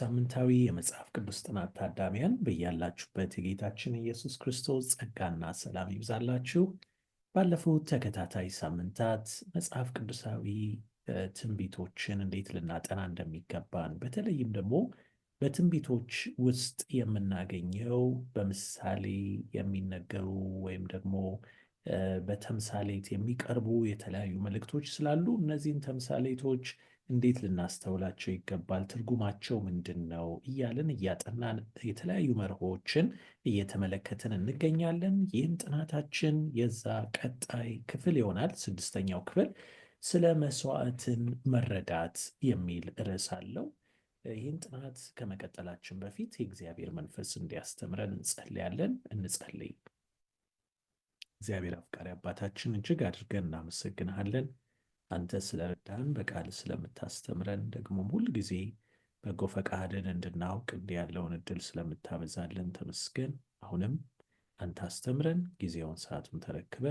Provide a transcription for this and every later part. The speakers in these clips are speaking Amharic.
ሳምንታዊ የመጽሐፍ ቅዱስ ጥናት ታዳሚያን በያላችሁበት የጌታችን ኢየሱስ ክርስቶስ ጸጋና ሰላም ይብዛላችሁ። ባለፉት ተከታታይ ሳምንታት መጽሐፍ ቅዱሳዊ ትንቢቶችን እንዴት ልናጠና እንደሚገባን በተለይም ደግሞ በትንቢቶች ውስጥ የምናገኘው በምሳሌ የሚነገሩ ወይም ደግሞ በተምሳሌት የሚቀርቡ የተለያዩ መልእክቶች ስላሉ እነዚህን ተምሳሌቶች እንዴት ልናስተውላቸው ይገባል? ትርጉማቸው ምንድን ነው? እያልን እያጠናን የተለያዩ መርሆችን እየተመለከትን እንገኛለን። ይህም ጥናታችን የዛ ቀጣይ ክፍል ይሆናል። ስድስተኛው ክፍል ስለ መስዋዕትን መረዳት የሚል ርዕስ አለው። ይህን ጥናት ከመቀጠላችን በፊት የእግዚአብሔር መንፈስ እንዲያስተምረን እንጸልያለን። እንጸልይ። እግዚአብሔር አፍቃሪ አባታችን እጅግ አድርገን እናመሰግንሃለን አንተ ስለረዳን በቃል ስለምታስተምረን ደግሞ ሁል ጊዜ በጎ ፈቃድን እንድናውቅ እንዲህ ያለውን እድል ስለምታበዛልን ተመስገን። አሁንም አንተ አስተምረን፣ ጊዜውን ሰዓቱን ተረክበ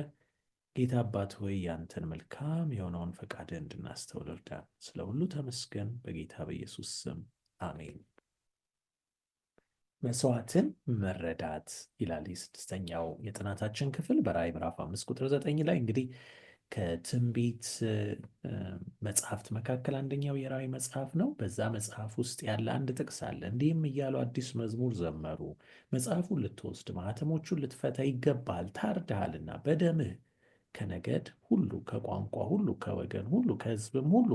ጌታ አባት ሆይ ያንተን መልካም የሆነውን ፈቃድ እንድናስተውል እርዳን። ስለ ሁሉ ተመስገን፣ በጌታ በኢየሱስ ስም አሜን። መስዋዕትን መረዳት ይላል የስድስተኛው የጥናታችን ክፍል በራዕይ ምዕራፍ አምስት ቁጥር ዘጠኝ ላይ እንግዲህ ከትንቢት መጽሐፍት መካከል አንደኛው የራዊ መጽሐፍ ነው። በዛ መጽሐፍ ውስጥ ያለ አንድ ጥቅስ አለ። እንዲህም እያሉ አዲስ መዝሙር ዘመሩ። መጽሐፉን ልትወስድ ማህተሞቹን ልትፈታ ይገባል፣ ታርደሃልና በደምህ ከነገድ ሁሉ፣ ከቋንቋ ሁሉ፣ ከወገን ሁሉ፣ ከሕዝብም ሁሉ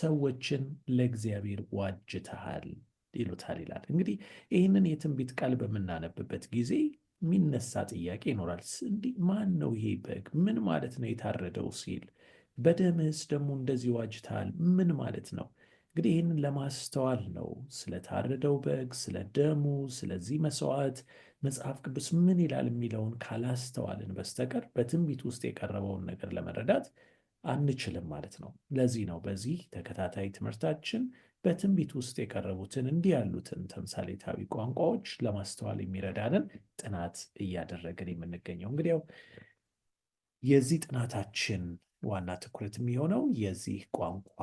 ሰዎችን ለእግዚአብሔር ዋጅተሃል ይሉታል ይላል። እንግዲህ ይህንን የትንቢት ቃል በምናነብበት ጊዜ የሚነሳ ጥያቄ ይኖራል። እንዲህ ማን ነው ይሄ በግ? ምን ማለት ነው የታረደው ሲል በደምስ ደግሞ እንደዚህ ዋጅታል ምን ማለት ነው? እንግዲህ ይህንን ለማስተዋል ነው ስለታረደው በግ፣ ስለ ደሙ፣ ስለዚህ መስዋዕት መጽሐፍ ቅዱስ ምን ይላል የሚለውን ካላስተዋልን በስተቀር በትንቢት ውስጥ የቀረበውን ነገር ለመረዳት አንችልም ማለት ነው። ለዚህ ነው በዚህ ተከታታይ ትምህርታችን በትንቢት ውስጥ የቀረቡትን እንዲህ ያሉትን ተምሳሌታዊ ቋንቋዎች ለማስተዋል የሚረዳንን ጥናት እያደረግን የምንገኘው እንግዲያው የዚህ ጥናታችን ዋና ትኩረት የሚሆነው የዚህ ቋንቋ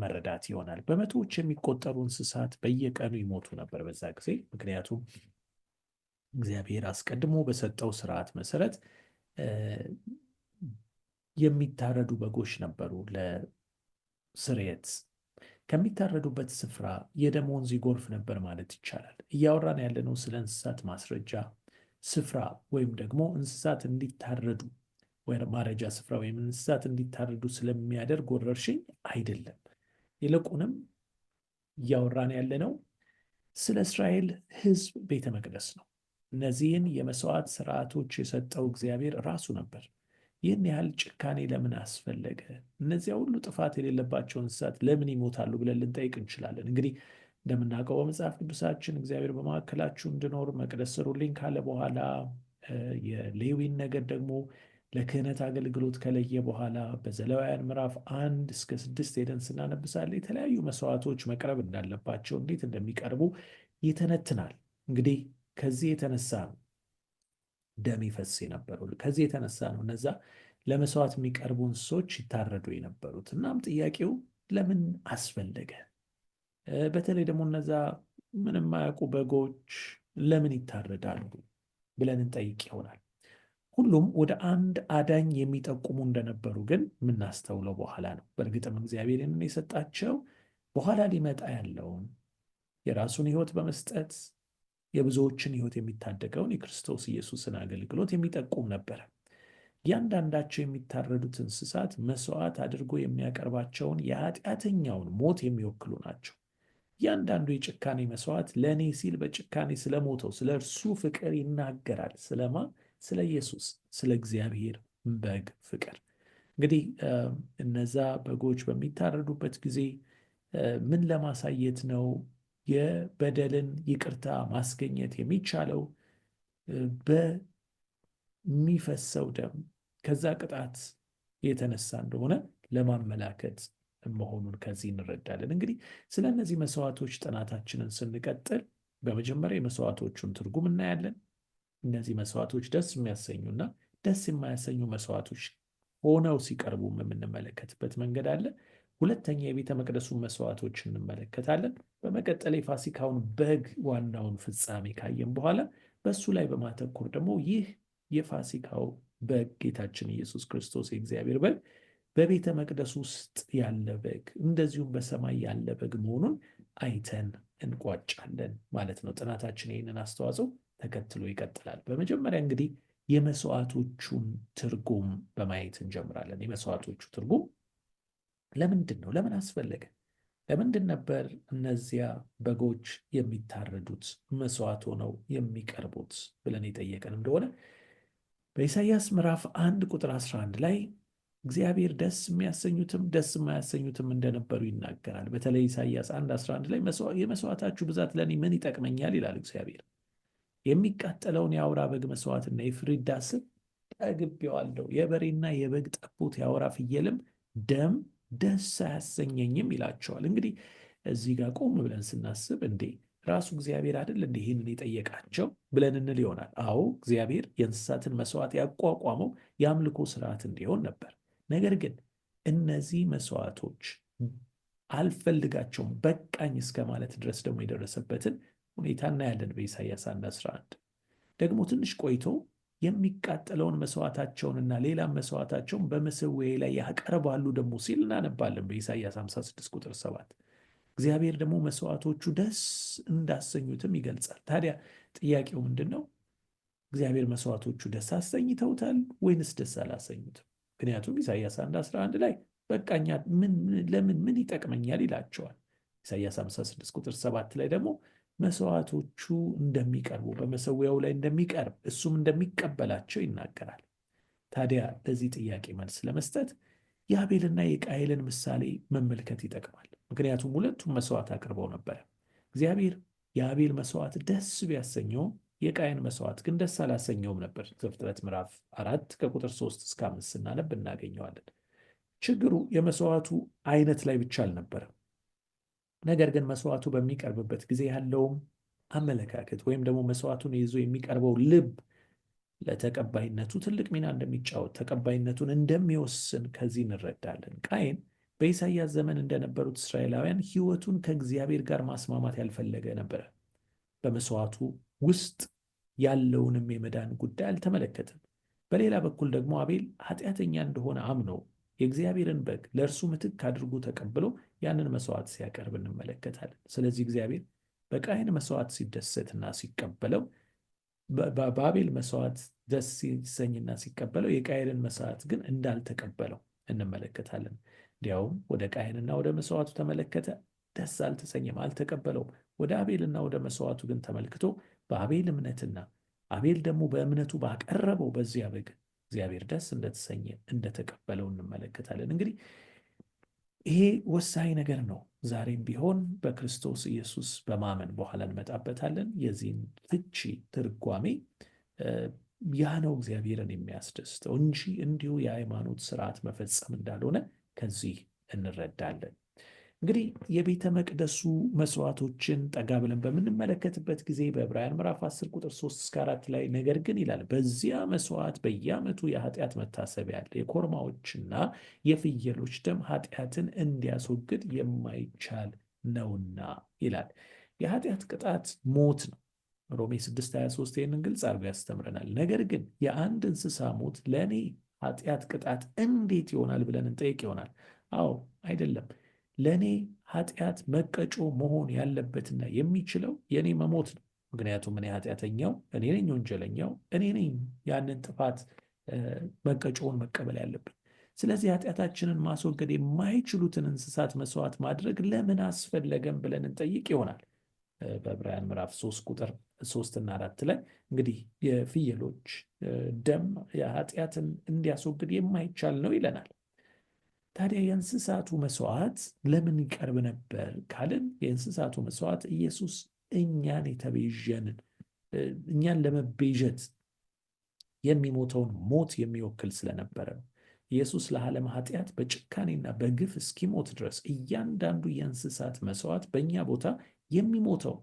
መረዳት ይሆናል። በመቶዎች የሚቆጠሩ እንስሳት በየቀኑ ይሞቱ ነበር በዛ ጊዜ። ምክንያቱም እግዚአብሔር አስቀድሞ በሰጠው ስርዓት መሰረት የሚታረዱ በጎች ነበሩ ለስርየት ከሚታረዱበት ስፍራ የደም ወንዝ ይጎርፍ ነበር ማለት ይቻላል። እያወራን ያለነው ስለ እንስሳት ማስረጃ ስፍራ ወይም ደግሞ እንስሳት እንዲታረዱ ማረጃ ስፍራ ወይም እንስሳት እንዲታረዱ ስለሚያደርግ ወረርሽኝ አይደለም። ይልቁንም እያወራን ያለነው ስለ እስራኤል ሕዝብ ቤተ መቅደስ ነው። እነዚህን የመስዋዕት ስርዓቶች የሰጠው እግዚአብሔር ራሱ ነበር። ይህን ያህል ጭካኔ ለምን አስፈለገ? እነዚያ ሁሉ ጥፋት የሌለባቸው እንስሳት ለምን ይሞታሉ ብለን ልንጠይቅ እንችላለን። እንግዲህ እንደምናውቀው በመጽሐፍ ቅዱሳችን እግዚአብሔር በመካከላችሁ እንድኖር መቅደስ ስሩልኝ ካለ በኋላ የሌዊን ነገድ ደግሞ ለክህነት አገልግሎት ከለየ በኋላ በዘሌዋውያን ምዕራፍ አንድ እስከ ስድስት ሄደን ስናነብሳለ የተለያዩ መስዋዕቶች መቅረብ እንዳለባቸው እንዴት እንደሚቀርቡ ይተነትናል። እንግዲህ ከዚህ የተነሳ ደም ይፈስ የነበረው። ከዚህ የተነሳ ነው እነዛ ለመስዋዕት የሚቀርቡ እንስሶች ይታረዱ የነበሩት። እናም ጥያቄው ለምን አስፈለገ? በተለይ ደግሞ እነዛ ምንም ማያውቁ በጎች ለምን ይታረዳሉ ብለን እንጠይቅ ይሆናል። ሁሉም ወደ አንድ አዳኝ የሚጠቁሙ እንደነበሩ ግን የምናስተውለው በኋላ ነው። በእርግጥም እግዚአብሔር የሰጣቸው በኋላ ሊመጣ ያለውን የራሱን ሕይወት በመስጠት የብዙዎችን ሕይወት የሚታደገውን የክርስቶስ ኢየሱስን አገልግሎት የሚጠቁም ነበረ። እያንዳንዳቸው የሚታረዱት እንስሳት መስዋዕት አድርጎ የሚያቀርባቸውን የኃጢአተኛውን ሞት የሚወክሉ ናቸው። እያንዳንዱ የጭካኔ መስዋዕት ለእኔ ሲል በጭካኔ ስለሞተው ስለ እርሱ ፍቅር ይናገራል። ስለማ ስለ ኢየሱስ፣ ስለ እግዚአብሔር በግ ፍቅር። እንግዲህ እነዛ በጎች በሚታረዱበት ጊዜ ምን ለማሳየት ነው የበደልን ይቅርታ ማስገኘት የሚቻለው በሚፈሰው ደም ከዛ ቅጣት የተነሳ እንደሆነ ለማመላከት መሆኑን ከዚህ እንረዳለን። እንግዲህ ስለ እነዚህ መስዋዕቶች ጥናታችንን ስንቀጥል በመጀመሪያ የመስዋዕቶቹን ትርጉም እናያለን። እነዚህ መስዋዕቶች ደስ የሚያሰኙና ደስ የማያሰኙ መስዋዕቶች ሆነው ሲቀርቡ የምንመለከትበት መንገድ አለ። ሁለተኛ የቤተ መቅደሱን መስዋዕቶች እንመለከታለን። በመቀጠል የፋሲካውን በግ ዋናውን ፍጻሜ ካየን በኋላ በእሱ ላይ በማተኮር ደግሞ ይህ የፋሲካው በግ ጌታችን ኢየሱስ ክርስቶስ የእግዚአብሔር በግ በቤተ መቅደስ ውስጥ ያለ በግ እንደዚሁም በሰማይ ያለ በግ መሆኑን አይተን እንቋጫለን ማለት ነው። ጥናታችን ይህንን አስተዋጽኦ ተከትሎ ይቀጥላል። በመጀመሪያ እንግዲህ የመስዋዕቶቹን ትርጉም በማየት እንጀምራለን። የመስዋዕቶቹ ትርጉም ለምንድን ነው? ለምን አስፈለገ? ለምንድን ነበር እነዚያ በጎች የሚታረዱት መስዋዕት ሆነው የሚቀርቡት ብለን የጠየቀን እንደሆነ በኢሳይያስ ምዕራፍ አንድ ቁጥር 11 ላይ እግዚአብሔር ደስ የሚያሰኙትም ደስ የማያሰኙትም እንደነበሩ ይናገራል። በተለይ ኢሳይያስ 1 11 ላይ የመስዋዕታችሁ ብዛት ለእኔ ምን ይጠቅመኛል ይላል እግዚአብሔር። የሚቃጠለውን የአውራ በግ መስዋዕትና የፍሪዳ ስብ ጠግቤዋለሁ። የበሬና የበግ ጠቦት የአውራ ፍየልም ደም ደስ አያሰኘኝም ይላቸዋል። እንግዲህ እዚህ ጋር ቆም ብለን ስናስብ እንዴ ራሱ እግዚአብሔር አይደል እንደ ይህንን የጠየቃቸው ብለን እንል ይሆናል። አዎ እግዚአብሔር የእንስሳትን መስዋዕት ያቋቋመው የአምልኮ ስርዓት እንዲሆን ነበር። ነገር ግን እነዚህ መስዋዕቶች አልፈልጋቸውም በቃኝ እስከ ማለት ድረስ ደግሞ የደረሰበትን ሁኔታ እናያለን በኢሳያስ አንድ አስራ አንድ ደግሞ ትንሽ ቆይቶ የሚቃጠለውን መስዋዕታቸውንና ሌላ መስዋዕታቸውን በመሰዊያዬ ላይ ያቀርባሉ ደግሞ ሲል እናነባለን በኢሳይያስ 56 ቁጥር 7። እግዚአብሔር ደግሞ መስዋዕቶቹ ደስ እንዳሰኙትም ይገልጻል። ታዲያ ጥያቄው ምንድን ነው? እግዚአብሔር መስዋዕቶቹ ደስ አሰኝተውታል ወይንስ ደስ አላሰኙትም? ምክንያቱም ኢሳይያስ 1 11 ላይ በቃኛ ለምን ምን ይጠቅመኛል ይላቸዋል። ኢሳይያስ 56 ቁጥር 7 ላይ ደግሞ መስዋዕቶቹ እንደሚቀርቡ በመሰዊያው ላይ እንደሚቀርብ እሱም እንደሚቀበላቸው ይናገራል። ታዲያ ለዚህ ጥያቄ መልስ ለመስጠት የአቤልና የቃየልን ምሳሌ መመልከት ይጠቅማል። ምክንያቱም ሁለቱም መስዋዕት አቅርበው ነበረ። እግዚአብሔር የአቤል መስዋዕት ደስ ቢያሰኘውም የቃየን መስዋዕት ግን ደስ አላሰኘውም ነበር። ዘፍጥረት ምዕራፍ አራት ከቁጥር ሶስት እስከ አምስት ስናነብ እናገኘዋለን። ችግሩ የመስዋዕቱ አይነት ላይ ብቻ አልነበረም። ነገር ግን መስዋዕቱ በሚቀርብበት ጊዜ ያለውም አመለካከት ወይም ደግሞ መስዋዕቱን ይዞ የሚቀርበው ልብ ለተቀባይነቱ ትልቅ ሚና እንደሚጫወት ተቀባይነቱን እንደሚወስን ከዚህ እንረዳለን። ቃይን በኢሳያስ ዘመን እንደነበሩት እስራኤላውያን ሕይወቱን ከእግዚአብሔር ጋር ማስማማት ያልፈለገ ነበረ። በመስዋዕቱ ውስጥ ያለውንም የመዳን ጉዳይ አልተመለከትም። በሌላ በኩል ደግሞ አቤል ኃጢአተኛ እንደሆነ አምኖ የእግዚአብሔርን በግ ለእርሱ ምትክ አድርጎ ተቀብሎ ያንን መስዋዕት ሲያቀርብ እንመለከታለን። ስለዚህ እግዚአብሔር በቃይን መስዋዕት ሲደሰትና ሲቀበለው በአቤል መስዋዕት ደስ ሲሰኝና ሲቀበለው የቃይንን መስዋዕት ግን እንዳልተቀበለው እንመለከታለን። እንዲያውም ወደ ቃይንና ወደ መስዋዕቱ ተመለከተ፣ ደስ አልተሰኘም፣ አልተቀበለውም። ወደ አቤልና ወደ መስዋዕቱ ግን ተመልክቶ በአቤል እምነትና አቤል ደግሞ በእምነቱ ባቀረበው በዚያ በግ እግዚአብሔር ደስ እንደተሰኘ እንደተቀበለው እንመለከታለን እንግዲህ ይሄ ወሳኝ ነገር ነው። ዛሬም ቢሆን በክርስቶስ ኢየሱስ በማመን በኋላ እንመጣበታለን። የዚህን ፍቺ ትርጓሜ ያ ነው እግዚአብሔርን የሚያስደስተው እንጂ እንዲሁ የሃይማኖት ስርዓት መፈጸም እንዳልሆነ ከዚህ እንረዳለን። እንግዲህ የቤተ መቅደሱ መስዋዕቶችን ጠጋ ብለን በምንመለከትበት ጊዜ በዕብራውያን ምዕራፍ 10 ቁጥር 3 እስከ 4 ላይ ነገር ግን ይላል በዚያ መስዋዕት በየዓመቱ የኃጢአት መታሰቢያ ያለ የኮርማዎችና የፍየሎች ደም ኃጢአትን እንዲያስወግድ የማይቻል ነውና ይላል። የኃጢአት ቅጣት ሞት ነው። ሮሜ 6፥23 ይህንን ግልጽ አድርጎ ያስተምረናል። ነገር ግን የአንድ እንስሳ ሞት ለእኔ ኃጢአት ቅጣት እንዴት ይሆናል ብለን እንጠይቅ ይሆናል። አዎ አይደለም ለእኔ ኃጢአት መቀጮ መሆን ያለበትና የሚችለው የእኔ መሞት ነው። ምክንያቱም እኔ ኃጢአተኛው እኔ ነኝ፣ ወንጀለኛው እኔ ነኝ። ያንን ጥፋት መቀጮውን መቀበል ያለብን። ስለዚህ ኃጢአታችንን ማስወገድ የማይችሉትን እንስሳት መስዋዕት ማድረግ ለምን አስፈለገም ብለን እንጠይቅ ይሆናል። በዕብራውያን ምዕራፍ ሶስት ቁጥር ሶስት እና አራት ላይ እንግዲህ የፍየሎች ደም የኃጢአትን እንዲያስወግድ የማይቻል ነው ይለናል። ታዲያ የእንስሳቱ መስዋዕት ለምን ይቀርብ ነበር ካልን የእንስሳቱ መስዋዕት ኢየሱስ እኛን የተቤዠንን እኛን ለመቤዠት የሚሞተውን ሞት የሚወክል ስለነበረ ነው። ኢየሱስ ለዓለም ኃጢአት በጭካኔና በግፍ እስኪሞት ድረስ እያንዳንዱ የእንስሳት መስዋዕት በእኛ ቦታ የሚሞተው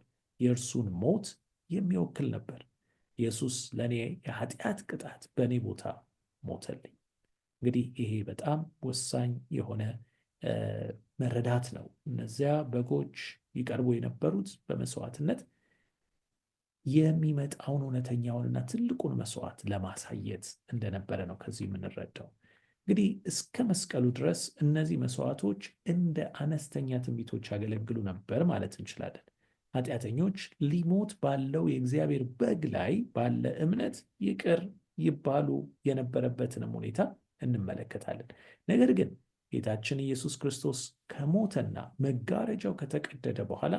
የእርሱን ሞት የሚወክል ነበር። ኢየሱስ ለእኔ የኃጢአት ቅጣት በእኔ ቦታ ሞተልኝ። እንግዲህ ይሄ በጣም ወሳኝ የሆነ መረዳት ነው። እነዚያ በጎች ይቀርቡ የነበሩት በመስዋዕትነት የሚመጣውን እውነተኛውንና ትልቁን መስዋዕት ለማሳየት እንደነበረ ነው ከዚህ የምንረዳው። እንግዲህ እስከ መስቀሉ ድረስ እነዚህ መስዋዕቶች እንደ አነስተኛ ትንቢቶች ያገለግሉ ነበር ማለት እንችላለን። ኃጢአተኞች ሊሞት ባለው የእግዚአብሔር በግ ላይ ባለ እምነት ይቅር ይባሉ የነበረበትንም ሁኔታ እንመለከታለን። ነገር ግን ጌታችን ኢየሱስ ክርስቶስ ከሞተና መጋረጃው ከተቀደደ በኋላ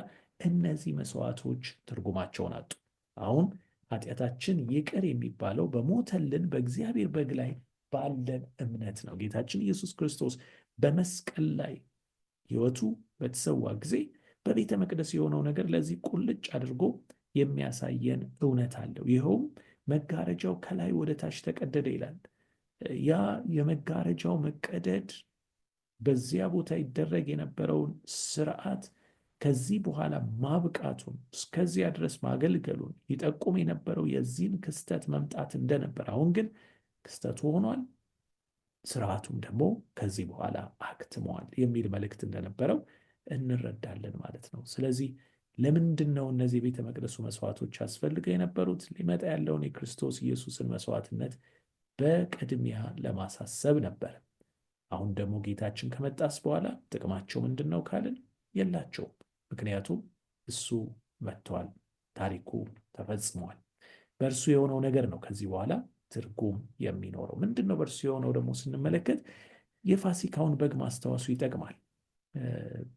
እነዚህ መስዋዕቶች ትርጉማቸውን አጡ። አሁን ኃጢአታችን ይቅር የሚባለው በሞተልን በእግዚአብሔር በግ ላይ ባለን እምነት ነው። ጌታችን ኢየሱስ ክርስቶስ በመስቀል ላይ ሕይወቱ በተሰዋ ጊዜ በቤተ መቅደስ የሆነው ነገር ለዚህ ቁልጭ አድርጎ የሚያሳየን እውነት አለው። ይኸውም መጋረጃው ከላይ ወደ ታች ተቀደደ ይላል። ያ የመጋረጃው መቀደድ በዚያ ቦታ ይደረግ የነበረውን ስርዓት ከዚህ በኋላ ማብቃቱን እስከዚያ ድረስ ማገልገሉን ይጠቁም የነበረው የዚህን ክስተት መምጣት እንደነበር፣ አሁን ግን ክስተቱ ሆኗል፣ ስርዓቱም ደግሞ ከዚህ በኋላ አክትመዋል የሚል መልእክት እንደነበረው እንረዳለን ማለት ነው። ስለዚህ ለምንድን ነው እነዚህ የቤተ መቅደሱ መስዋዕቶች ያስፈልገው የነበሩት? ሊመጣ ያለውን የክርስቶስ ኢየሱስን መስዋዕትነት በቅድሚያ ለማሳሰብ ነበር። አሁን ደግሞ ጌታችን ከመጣስ በኋላ ጥቅማቸው ምንድን ነው ካልን የላቸውም። ምክንያቱም እሱ መጥተዋል፣ ታሪኩ ተፈጽሟል። በእርሱ የሆነው ነገር ነው ከዚህ በኋላ ትርጉም የሚኖረው ምንድን ነው? በእርሱ የሆነው ደግሞ ስንመለከት የፋሲካውን በግ ማስታወሱ ይጠቅማል።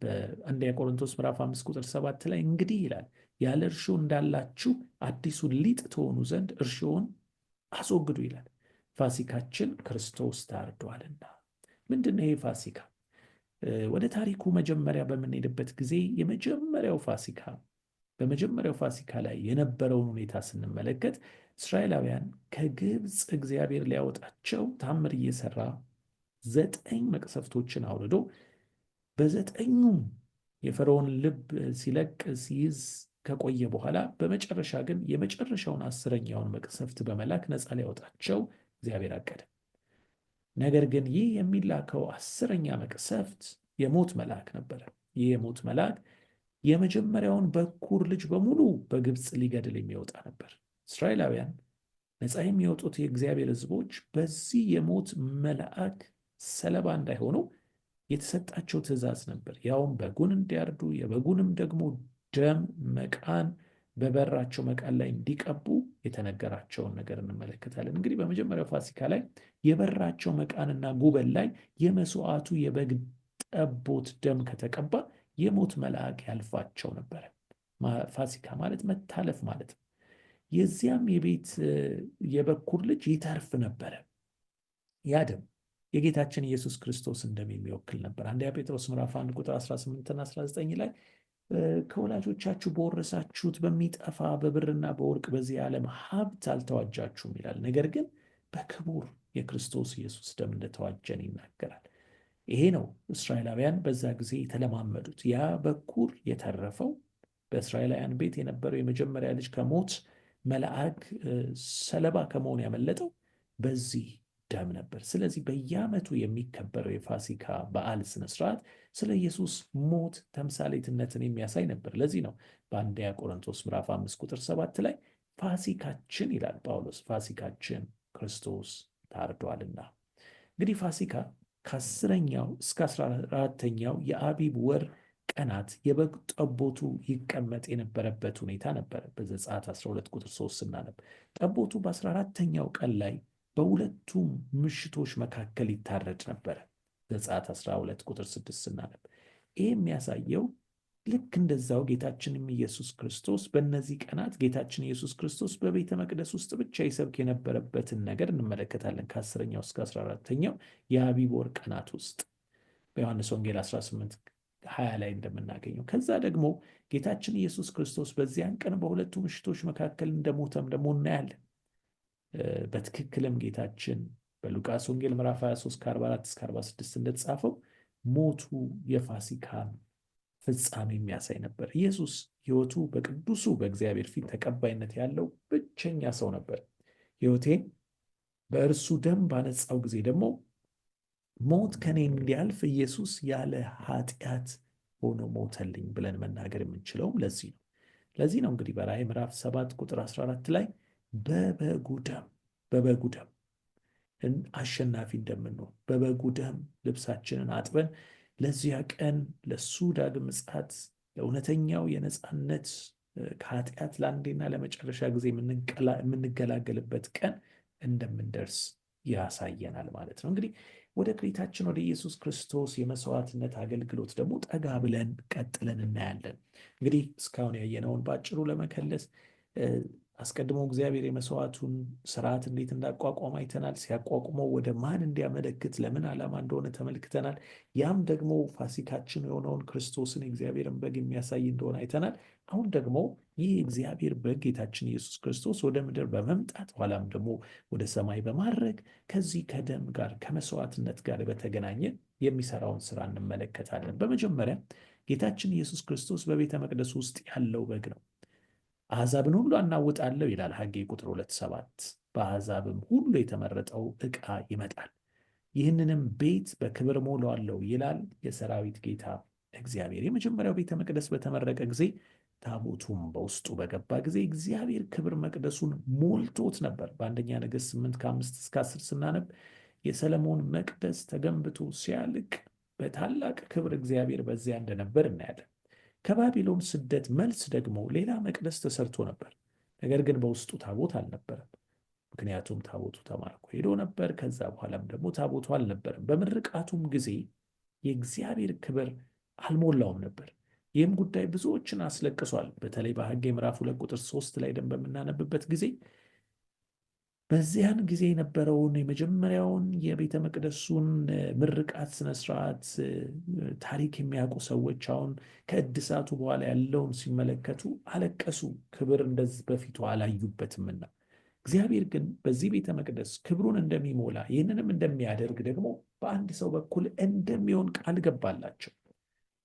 በአንደኛ ቆሮንቶስ ምዕራፍ አምስት ቁጥር ሰባት ላይ እንግዲህ ይላል ያለ እርሾ እንዳላችሁ አዲሱን ሊጥ ትሆኑ ዘንድ እርሾውን አስወግዱ ይላል። ፋሲካችን ክርስቶስ ታርዷልና። ምንድን ነው ይሄ ፋሲካ? ወደ ታሪኩ መጀመሪያ በምንሄድበት ጊዜ የመጀመሪያው ፋሲካ በመጀመሪያው ፋሲካ ላይ የነበረውን ሁኔታ ስንመለከት እስራኤላውያን ከግብፅ እግዚአብሔር ሊያወጣቸው ታምር እየሰራ ዘጠኝ መቅሰፍቶችን አውርዶ በዘጠኙም የፈርዖን ልብ ሲለቅ ሲይዝ ከቆየ በኋላ በመጨረሻ ግን የመጨረሻውን አስረኛውን መቅሰፍት በመላክ ነፃ ሊያወጣቸው እግዚአብሔር አቀደ። ነገር ግን ይህ የሚላከው አስረኛ መቅሰፍት የሞት መልአክ ነበረ። ይህ የሞት መልአክ የመጀመሪያውን በኩር ልጅ በሙሉ በግብፅ ሊገድል የሚወጣ ነበር። እስራኤላውያን ነፃ የሚወጡት የእግዚአብሔር ሕዝቦች በዚህ የሞት መልአክ ሰለባ እንዳይሆኑ የተሰጣቸው ትእዛዝ ነበር። ያውም በጉን እንዲያርዱ የበጉንም ደግሞ ደም መቃን በበራቸው መቃን ላይ እንዲቀቡ የተነገራቸውን ነገር እንመለከታለን። እንግዲህ በመጀመሪያው ፋሲካ ላይ የበራቸው መቃንና ጉበን ላይ የመስዋዕቱ የበግ ጠቦት ደም ከተቀባ የሞት መልአክ ያልፋቸው ነበረ። ፋሲካ ማለት መታለፍ ማለት ነው። የዚያም የቤት የበኩር ልጅ ይተርፍ ነበረ። ያ ደም የጌታችን ኢየሱስ ክርስቶስ እንደም የሚወክል ነበር። አንደኛ ጴጥሮስ ምዕራፍ 1 ቁጥር 18ና 19 ላይ ከወላጆቻችሁ በወረሳችሁት በሚጠፋ በብርና በወርቅ በዚህ ዓለም ሀብት አልተዋጃችሁም ይላል። ነገር ግን በክቡር የክርስቶስ ኢየሱስ ደም እንደተዋጀን ይናገራል። ይሄ ነው እስራኤላውያን በዛ ጊዜ የተለማመዱት። ያ በኩር የተረፈው በእስራኤላውያን ቤት የነበረው የመጀመሪያ ልጅ ከሞት መልአክ ሰለባ ከመሆን ያመለጠው በዚህ ደም ነበር። ስለዚህ በየዓመቱ የሚከበረው የፋሲካ በዓል ስነስርዓት ስለ ኢየሱስ ሞት ተምሳሌትነትን የሚያሳይ ነበር። ለዚህ ነው በአንደኛ ቆሮንቶስ ምዕራፍ አምስት ቁጥር ሰባት ላይ ፋሲካችን ይላል ጳውሎስ፣ ፋሲካችን ክርስቶስ ታርዷልና። እንግዲህ ፋሲካ ከአስረኛው እስከ አስራ አራተኛው የአቢብ ወር ቀናት የበግ ጠቦቱ ይቀመጥ የነበረበት ሁኔታ ነበረ። በዘጸአት 12 ቁጥር 3 ስናነብ ጠቦቱ በ14ተኛው ቀን ላይ በሁለቱም ምሽቶች መካከል ይታረድ ነበረ። ዘጸአት 12 ቁጥር 6 ስናነብ ይህ የሚያሳየው ልክ እንደዛው ጌታችንም ኢየሱስ ክርስቶስ በእነዚህ ቀናት ጌታችን ኢየሱስ ክርስቶስ በቤተ መቅደስ ውስጥ ብቻ ይሰብክ የነበረበትን ነገር እንመለከታለን። ከአስረኛው እስከ 14ተኛው የአቢብ ወር ቀናት ውስጥ በዮሐንስ ወንጌል 18 ሀያ ላይ እንደምናገኘው ከዛ ደግሞ ጌታችን ኢየሱስ ክርስቶስ በዚያን ቀን በሁለቱ ምሽቶች መካከል እንደሞተም ደግሞ እናያለን። በትክክልም ጌታችን በሉቃስ ወንጌል ምዕራፍ 23 44 እስከ 46 እንደተጻፈው ሞቱ የፋሲካን ፍጻሜ የሚያሳይ ነበር። ኢየሱስ ሕይወቱ በቅዱሱ በእግዚአብሔር ፊት ተቀባይነት ያለው ብቸኛ ሰው ነበር። ሕይወቴን በእርሱ ደም ባነጻው ጊዜ ደግሞ ሞት ከኔ እንዲያልፍ ኢየሱስ ያለ ኃጢአት ሆኖ ሞተልኝ ብለን መናገር የምንችለውም ለዚህ ነው። ለዚህ ነው እንግዲህ በራእይ ምዕራፍ 7 ቁጥር 14 ላይ በበጉ ደም በበጉ ደም አሸናፊ እንደምንሆን በበጉ ደም ልብሳችንን አጥበን ለዚያ ቀን ለሱ ዳግም ምጽአት ለእውነተኛው የነፃነት ከኃጢአት ለአንዴና ለመጨረሻ ጊዜ የምንገላገልበት ቀን እንደምንደርስ ያሳየናል ማለት ነው። እንግዲህ ወደ ክሪታችን ወደ ኢየሱስ ክርስቶስ የመስዋዕትነት አገልግሎት ደግሞ ጠጋ ብለን ቀጥለን እናያለን። እንግዲህ እስካሁን ያየነውን በአጭሩ ለመከለስ አስቀድሞ እግዚአብሔር የመስዋዕቱን ስርዓት እንዴት እንዳቋቋም አይተናል። ሲያቋቁመው ወደ ማን እንዲያመለክት ለምን ዓላማ እንደሆነ ተመልክተናል። ያም ደግሞ ፋሲካችን የሆነውን ክርስቶስን የእግዚአብሔርን በግ የሚያሳይ እንደሆነ አይተናል። አሁን ደግሞ ይህ እግዚአብሔር በግ ጌታችን ኢየሱስ ክርስቶስ ወደ ምድር በመምጣት ኋላም ደግሞ ወደ ሰማይ በማድረግ ከዚህ ከደም ጋር ከመስዋዕትነት ጋር በተገናኘ የሚሰራውን ስራ እንመለከታለን። በመጀመሪያ ጌታችን ኢየሱስ ክርስቶስ በቤተ መቅደስ ውስጥ ያለው በግ ነው። አሕዛብን ሁሉ አናውጣለሁ ይላል ሐጌ ቁጥር ሁለት ሰባት በአሕዛብም ሁሉ የተመረጠው ዕቃ ይመጣል፣ ይህንንም ቤት በክብር ሞላዋለሁ ይላል የሰራዊት ጌታ እግዚአብሔር። የመጀመሪያው ቤተ መቅደስ በተመረቀ ጊዜ ታቦቱም በውስጡ በገባ ጊዜ እግዚአብሔር ክብር መቅደሱን ሞልቶት ነበር። በአንደኛ ነገሥት ስምንት ከአምስት እስከ አስር ስናነብ የሰለሞን መቅደስ ተገንብቶ ሲያልቅ በታላቅ ክብር እግዚአብሔር በዚያ እንደነበር እናያለን። ከባቢሎን ስደት መልስ ደግሞ ሌላ መቅደስ ተሰርቶ ነበር። ነገር ግን በውስጡ ታቦት አልነበረም። ምክንያቱም ታቦቱ ተማርኮ ሄዶ ነበር። ከዛ በኋላም ደግሞ ታቦቱ አልነበረም። በምርቃቱም ጊዜ የእግዚአብሔር ክብር አልሞላውም ነበር። ይህም ጉዳይ ብዙዎችን አስለቅሷል። በተለይ በሐጌ ምዕራፍ ሁለት ቁጥር ሶስት ላይ ደን በምናነብበት ጊዜ በዚያን ጊዜ የነበረውን የመጀመሪያውን የቤተ መቅደሱን ምርቃት ስነስርዓት ታሪክ የሚያውቁ ሰዎች አሁን ከእድሳቱ በኋላ ያለውን ሲመለከቱ አለቀሱ። ክብር እንደዚህ በፊቱ አላዩበትምና እግዚአብሔር ግን በዚህ ቤተ መቅደስ ክብሩን እንደሚሞላ ይህንንም እንደሚያደርግ ደግሞ በአንድ ሰው በኩል እንደሚሆን ቃል ገባላቸው።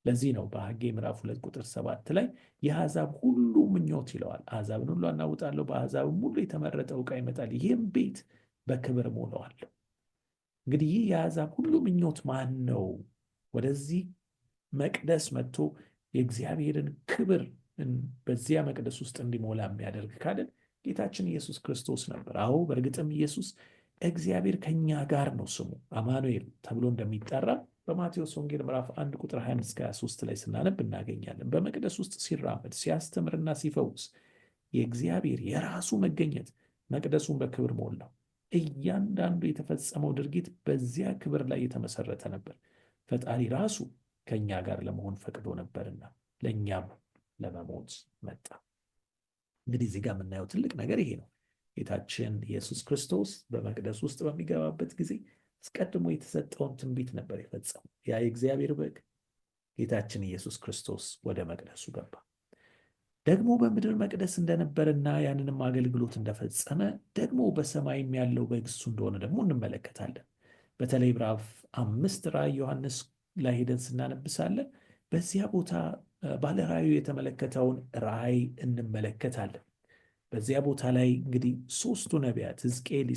ለዚህ ነው በሐጌ ምዕራፍ ሁለት ቁጥር ሰባት ላይ የአሕዛብ ሁሉ ምኞት ይለዋል። አሕዛብን ሁሉ አናውጣለሁ፣ በአሕዛብም ሁሉ የተመረጠ ዕቃ ይመጣል፣ ይህም ቤት በክብር ሞላዋለሁ። እንግዲህ ይህ የአሕዛብ ሁሉ ምኞት ማን ነው? ወደዚህ መቅደስ መጥቶ የእግዚአብሔርን ክብር በዚያ መቅደስ ውስጥ እንዲሞላ የሚያደርግ ካለን ጌታችን ኢየሱስ ክርስቶስ ነበር። አዎ በእርግጥም ኢየሱስ እግዚአብሔር ከኛ ጋር ነው ስሙ አማኑኤል ተብሎ እንደሚጠራ በማቴዎስ ወንጌል ምዕራፍ 1 ቁጥር 21 እስከ 23 ላይ ስናነብ እናገኛለን። በመቅደስ ውስጥ ሲራመድ ሲያስተምርና ሲፈውስ የእግዚአብሔር የራሱ መገኘት መቅደሱን በክብር ሞላው። እያንዳንዱ የተፈጸመው ድርጊት በዚያ ክብር ላይ የተመሰረተ ነበር። ፈጣሪ ራሱ ከእኛ ጋር ለመሆን ፈቅዶ ነበርና ለእኛም ለመሞት መጣ። እንግዲህ እዚህ ጋር የምናየው ትልቅ ነገር ይሄ ነው። ጌታችን ኢየሱስ ክርስቶስ በመቅደስ ውስጥ በሚገባበት ጊዜ አስቀድሞ የተሰጠውን ትንቢት ነበር የፈጸሙ ያ የእግዚአብሔር በግ ጌታችን ኢየሱስ ክርስቶስ ወደ መቅደሱ ገባ። ደግሞ በምድር መቅደስ እንደነበረና ያንንም አገልግሎት እንደፈጸመ ደግሞ በሰማይም ያለው በግ እሱ እንደሆነ ደግሞ እንመለከታለን። በተለይ ብራፍ አምስት ራይ ዮሐንስ ላይ ሄደን ስናነብሳለን። በዚያ ቦታ ባለራዩ የተመለከተውን ራእይ እንመለከታለን። በዚያ ቦታ ላይ እንግዲህ ሶስቱ ነቢያት ሕዝቅኤል፣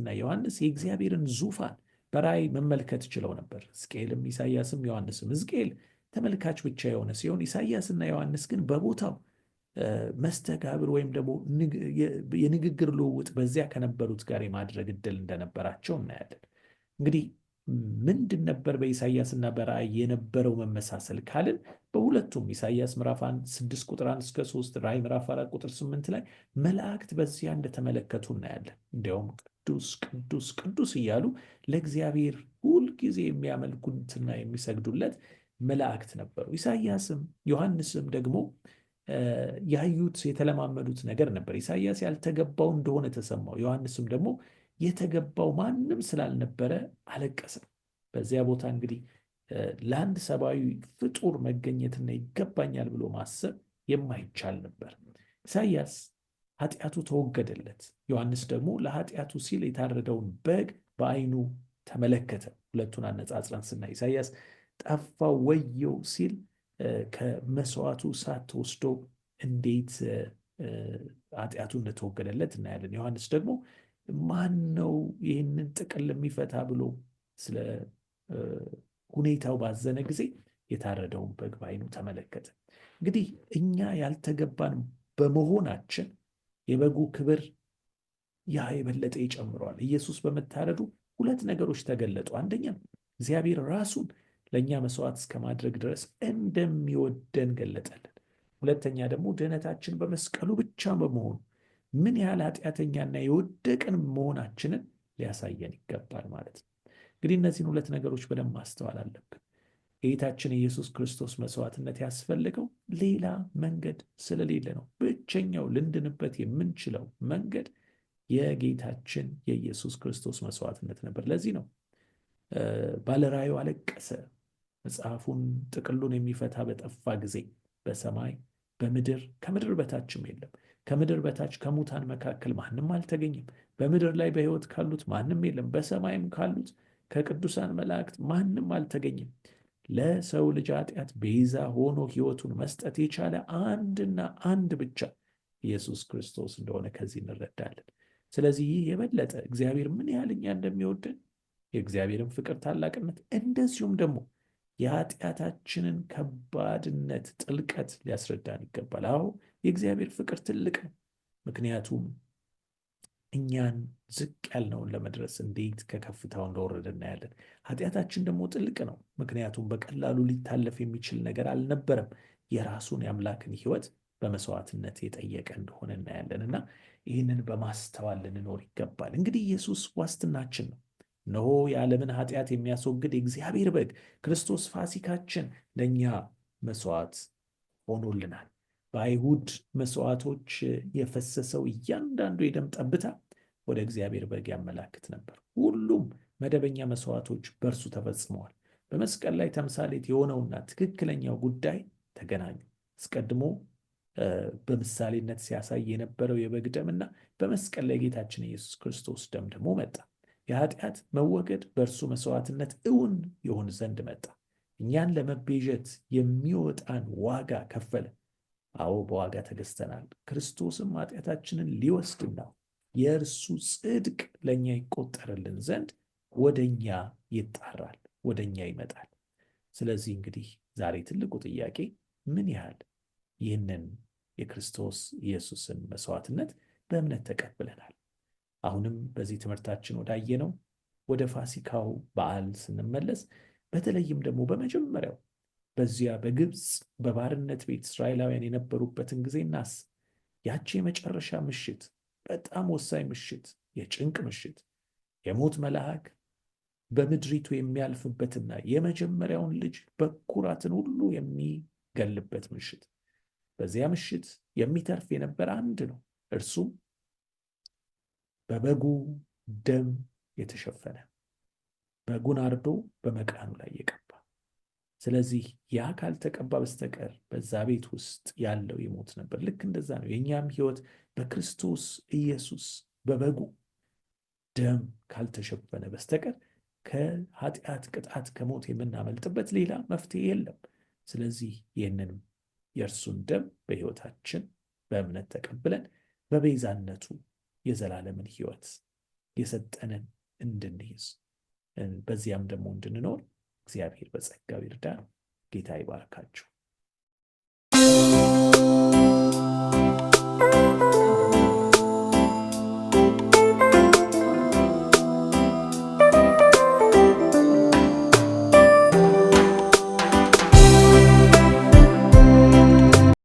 እና ዮሐንስ የእግዚአብሔርን ዙፋን በራእይ መመልከት ችለው ነበር። ሕዝቅኤልም ኢሳያስም ዮሐንስም። ሕዝቅኤል ተመልካች ብቻ የሆነ ሲሆን ኢሳያስና ዮሐንስ ግን በቦታው መስተጋብር ወይም ደግሞ የንግግር ልውውጥ በዚያ ከነበሩት ጋር የማድረግ እድል እንደነበራቸው እናያለን። እንግዲህ ምንድን ነበር በኢሳያስና በራእይ የነበረው መመሳሰል ካልን በሁለቱም ኢሳያስ ምዕራፍ 1 6 ቁጥር 1 እስከ 3 ራእይ ምዕራፍ 4 ቁጥር 8 ላይ መላእክት በዚያ እንደተመለከቱ እናያለን። እንዲያውም ቅዱስ ቅዱስ ቅዱስ እያሉ ለእግዚአብሔር ሁልጊዜ የሚያመልኩትና የሚሰግዱለት መላእክት ነበሩ። ኢሳያስም ዮሐንስም ደግሞ ያዩት የተለማመዱት ነገር ነበር። ኢሳያስ ያልተገባው እንደሆነ ተሰማው። ዮሐንስም ደግሞ የተገባው ማንም ስላልነበረ አለቀስም። በዚያ ቦታ እንግዲህ ለአንድ ሰብአዊ ፍጡር መገኘትና ይገባኛል ብሎ ማሰብ የማይቻል ነበር። ኢሳያስ ኃጢአቱ ተወገደለት። ዮሐንስ ደግሞ ለኃጢአቱ ሲል የታረደውን በግ በአይኑ ተመለከተ። ሁለቱን አነጻጽረን ስናይ ኢሳያስ ጠፋው ወየው ሲል ከመስዋዕቱ እሳት ተወስዶ እንዴት ኃጢአቱ እንደተወገደለት እናያለን። ዮሐንስ ደግሞ ማን ነው ይህንን ጥቅል የሚፈታ ብሎ ስለ ሁኔታው ባዘነ ጊዜ የታረደውን በግ ባይኑ ተመለከተ። እንግዲህ እኛ ያልተገባን በመሆናችን የበጉ ክብር ያ የበለጠ ይጨምረዋል። ኢየሱስ በመታረዱ ሁለት ነገሮች ተገለጡ። አንደኛ እግዚአብሔር ራሱን ለእኛ መስዋዕት እስከ ማድረግ ድረስ እንደሚወደን ገለጠልን። ሁለተኛ ደግሞ ድህነታችን በመስቀሉ ብቻ በመሆኑ ምን ያህል ኃጢአተኛና የወደቅን መሆናችንን ሊያሳየን ይገባል ማለት ነው። እንግዲህ እነዚህን ሁለት ነገሮች በደንብ ማስተዋል አለብን። ጌታችን ኢየሱስ ክርስቶስ መስዋዕትነት ያስፈልገው ሌላ መንገድ ስለሌለ ነው። ብቸኛው ልንድንበት የምንችለው መንገድ የጌታችን የኢየሱስ ክርስቶስ መስዋዕትነት ነበር። ለዚህ ነው ባለራዩ አለቀሰ፣ መጽሐፉን ጥቅሉን የሚፈታ በጠፋ ጊዜ በሰማይ በምድር ከምድር በታችም የለም ከምድር በታች ከሙታን መካከል ማንም አልተገኘም። በምድር ላይ በሕይወት ካሉት ማንም የለም። በሰማይም ካሉት ከቅዱሳን መላእክት ማንም አልተገኘም። ለሰው ልጅ ኃጢአት ቤዛ ሆኖ ሕይወቱን መስጠት የቻለ አንድና አንድ ብቻ ኢየሱስ ክርስቶስ እንደሆነ ከዚህ እንረዳለን። ስለዚህ ይህ የበለጠ እግዚአብሔር ምን ያህል እኛ እንደሚወደን የእግዚአብሔርን ፍቅር ታላቅነት እንደዚሁም ደግሞ የኃጢአታችንን ከባድነት ጥልቀት ሊያስረዳን ይገባል። አሁን የእግዚአብሔር ፍቅር ትልቅ ነው። ምክንያቱም እኛን ዝቅ ያልነውን ለመድረስ እንዴት ከከፍታው እንደወረደ እናያለን። ኃጢአታችን ደግሞ ጥልቅ ነው። ምክንያቱም በቀላሉ ሊታለፍ የሚችል ነገር አልነበረም። የራሱን የአምላክን ሕይወት በመስዋዕትነት የጠየቀ እንደሆነ እናያለን እና ይህንን በማስተዋል ልንኖር ይገባል። እንግዲህ ኢየሱስ ዋስትናችን ነው። እነሆ የዓለምን ኃጢአት የሚያስወግድ የእግዚአብሔር በግ ክርስቶስ ፋሲካችን ለእኛ መስዋዕት ሆኖልናል። በአይሁድ መስዋዕቶች የፈሰሰው እያንዳንዱ የደም ጠብታ ወደ እግዚአብሔር በግ ያመላክት ነበር። ሁሉም መደበኛ መስዋዕቶች በእርሱ ተፈጽመዋል። በመስቀል ላይ ተምሳሌት የሆነውና ትክክለኛው ጉዳይ ተገናኙ። አስቀድሞ በምሳሌነት ሲያሳይ የነበረው የበግ ደምና በመስቀል ላይ ጌታችን ኢየሱስ ክርስቶስ ደም ደግሞ መጣ። የኃጢአት መወገድ በእርሱ መስዋዕትነት እውን የሆን ዘንድ መጣ። እኛን ለመቤዠት የሚወጣን ዋጋ ከፈለ። አዎ በዋጋ ተገዝተናል። ክርስቶስም ኃጢአታችንን ሊወስድና የእርሱ ጽድቅ ለእኛ ይቆጠርልን ዘንድ ወደ እኛ ይጣራል፣ ወደ እኛ ይመጣል። ስለዚህ እንግዲህ ዛሬ ትልቁ ጥያቄ ምን ያህል ይህንን የክርስቶስ ኢየሱስን መስዋዕትነት በእምነት ተቀብለናል? አሁንም በዚህ ትምህርታችን ወዳየነው ወደ ፋሲካው በዓል ስንመለስ በተለይም ደግሞ በመጀመሪያው በዚያ በግብፅ በባርነት ቤት እስራኤላውያን የነበሩበትን ጊዜ እናስ ያቺ የመጨረሻ ምሽት፣ በጣም ወሳኝ ምሽት፣ የጭንቅ ምሽት፣ የሞት መልአክ በምድሪቱ የሚያልፍበትና የመጀመሪያውን ልጅ በኩራትን ሁሉ የሚገልበት ምሽት። በዚያ ምሽት የሚተርፍ የነበረ አንድ ነው፣ እርሱም በበጉ ደም የተሸፈነ በጉን አርዶ በመቃኑ ላይ የቀባ ስለዚህ ያ ካልተቀባ በስተቀር በዛ ቤት ውስጥ ያለው ይሞት ነበር። ልክ እንደዛ ነው የእኛም ህይወት በክርስቶስ ኢየሱስ በበጉ ደም ካልተሸፈነ በስተቀር ከኃጢአት ቅጣት ከሞት የምናመልጥበት ሌላ መፍትሄ የለም። ስለዚህ ይህንንም የእርሱን ደም በህይወታችን በእምነት ተቀብለን በቤዛነቱ የዘላለምን ህይወት የሰጠንን እንድንይዝ በዚያም ደግሞ እንድንኖር እግዚአብሔር በጸጋው ይርዳን። ጌታ ይባርካችሁ። Thank you.